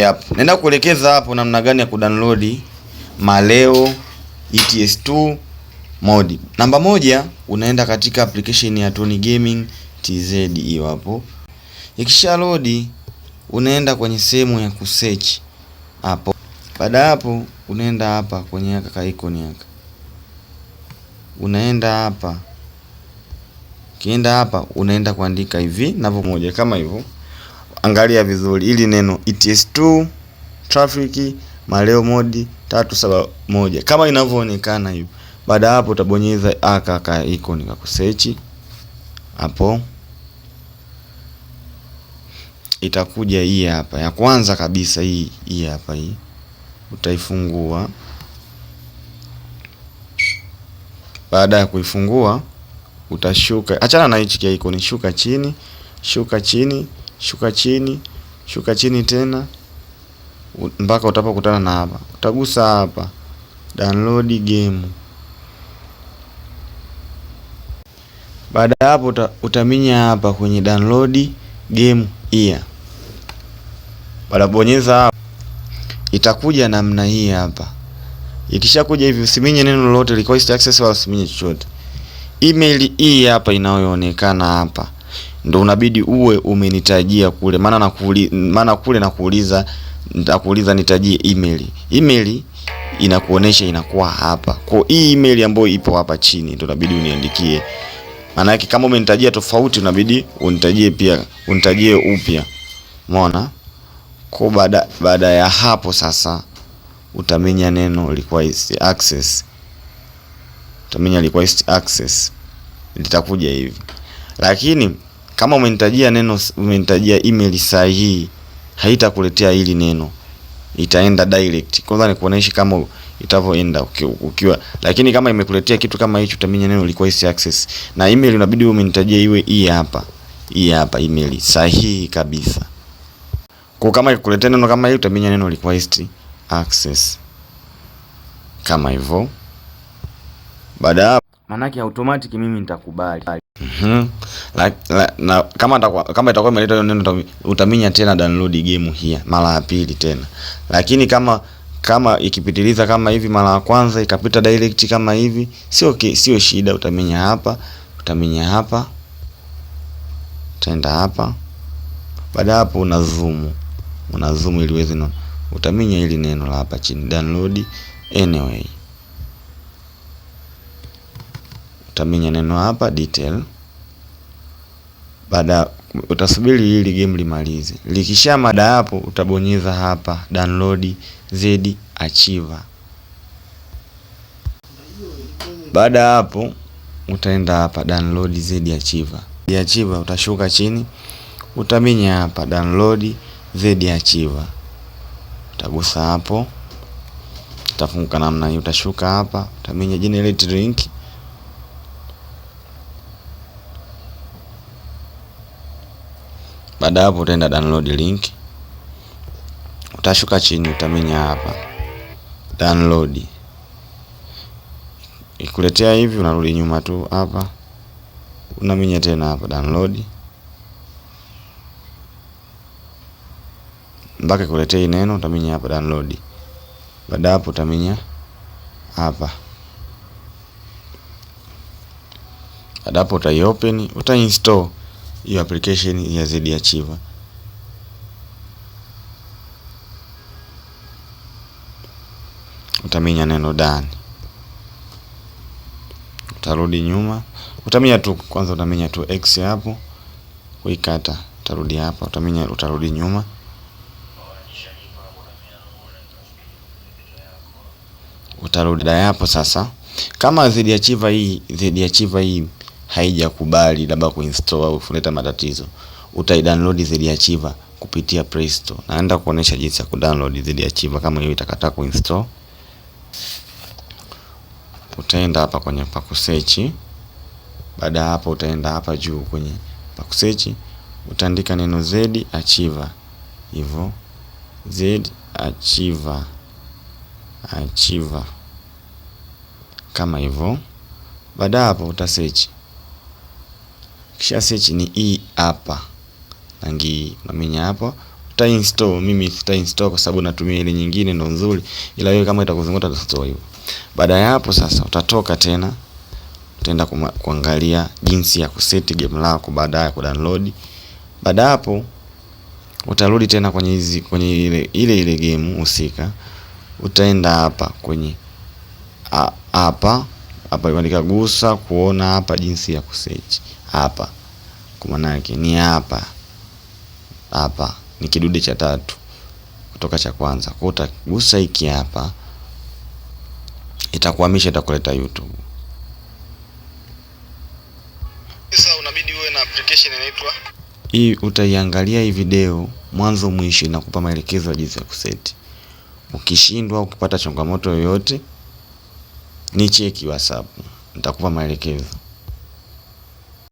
Yep. Naenda kuelekeza hapo namna gani ya kudownload Maleo ETS2 mod. Namba moja unaenda katika application ya Tony Gaming TZ hiyo hapo. Ikisha load unaenda kwenye sehemu ya kusearch hapo. Baada hapo unaenda hapa kwenye kaka icon yaka. Unaenda hapa. Kienda hapa unaenda kuandika hivi na moja kama hivyo angalia vizuri ili neno ETS2 traffic maleo modi 371 kama inavyoonekana hivi. Baada hapo utabonyeza aka aka icon ya kusearch hapo, itakuja hii hapa ya kwanza kabisa, hii hii hapa hii, utaifungua. Baada ya kuifungua utashuka, achana na hichi kia icon, shuka chini, shuka chini shuka chini, shuka chini tena mpaka utapokutana na hapa. Utagusa hapa download game. Baada ya hapo uta, utaminya hapa kwenye download game here. Baada bonyeza hapa itakuja namna hii hapa. Ikishakuja hivi usiminye neno lolote, request access wala usiminye chochote. Email hii hapa inayoonekana hapa ndo unabidi uwe umenitajia kule, maana na kuli, maana kule nakuuliza nitakuuliza nitajie email. Email inakuonesha inakuwa hapa. Kwa hii email ambayo ipo hapa chini ndo unabidi uniandikie. Maana yake kama umenitajia tofauti unabidi unitajie pia, unitajie upya. Umeona? Kwa baada baada ya hapo sasa utamenya neno request access. Utamenya request access litakuja hivi. Lakini kama umenitajia neno, umenitajia email sahihi, haitakuletea hili neno, itaenda direct. Kwanza nikuoneshe kama itavyoenda ukiwa, lakini kama imekuletea kitu kama hicho, utaminya neno request access, na email inabidi umenitajia iwe hii hapa, hii hapa email sahihi kabisa. Kwa kama ikuletea neno kama hili, utaminya neno request access kama hivyo. Baada manake automatic mimi nitakubali. Mm -hmm. la, la, na kama taku, kama itakuwa imeleta hiyo neno utaminya tena download game hii mara ya pili tena, lakini kama kama ikipitiliza kama hivi mara ya kwanza ikapita direct kama hivi, sio sio shida. Utaminya hapa, utaminya hapa, utaenda hapa, baada hapo una zoom, una zoom ili uweze, utaminya hili neno la hapa chini download anyway. utaminya neno hapa detail. Baada utasubiri hili game limalize, likisha mada hapo utabonyeza hapa download Z achiva. Baada hapo utaenda hapa download Z achiva Z achiva, utashuka chini utaminya hapa download Z achiva, utagusa hapo, utafunguka namna hii, utashuka hapa utaminya generate link Baada hapo utaenda download link, utashuka chini, utamenya hapa download. Ikuletea hivi, unarudi nyuma tu hapa, unamenya tena hapa download mpaka ikuletea hii neno, utamenya hapa download. Baada hapo utamenya hapa baada hapo utai open, uta install hiyo application ya ZD Utaminya neno dani, utarudi nyuma, utaminya tu kwanza, utaminya tu x hapo kuikata, utarudi hapa, utaminya, utarudi nyuma utarudi hapo. Sasa kama ZD hii, ZD hii haijakubali labda kuinstall au kuleta matatizo, utaidownload zili achiva kupitia Play Store. Naenda kuonesha jinsi ya kudownload zili kama hiyo itakataa kuinstall. Utaenda hapa kwenye pa kusearch. Baada ya hapo, utaenda hapa juu kwenye pa kusearch, utaandika neno Z achiva hivyo, Z achiva kama hivyo. Baada hapo utasechi kisha search ni hii hapa rangi, unamenya hapo uta install. Mimi sita install kwa sababu natumia ile nyingine ndo nzuri, ila wewe kama itakuzunguka uta hiyo. Baada ya hapo sasa utatoka tena utaenda kuangalia jinsi ya kuseti game lako baada ya kudownload. Baada hapo utarudi tena kwenye hizi kwenye ile ile ile game husika, utaenda hapa kwenye hapa hapa imeandika gusa kuona hapa jinsi ya kusearch hapa, kwa maana yake ni hapa hapa, ni kidude cha tatu kutoka cha kwanza. Kwa utagusa hiki hapa, itakuhamisha itakuleta YouTube. Sasa unabidi uwe na application inaitwa hii. Utaiangalia hii video mwanzo mwisho, inakupa maelekezo ya jinsi ya kuseti. Ukishindwa ukipata changamoto yoyote, ni cheki WhatsApp, nitakupa maelekezo.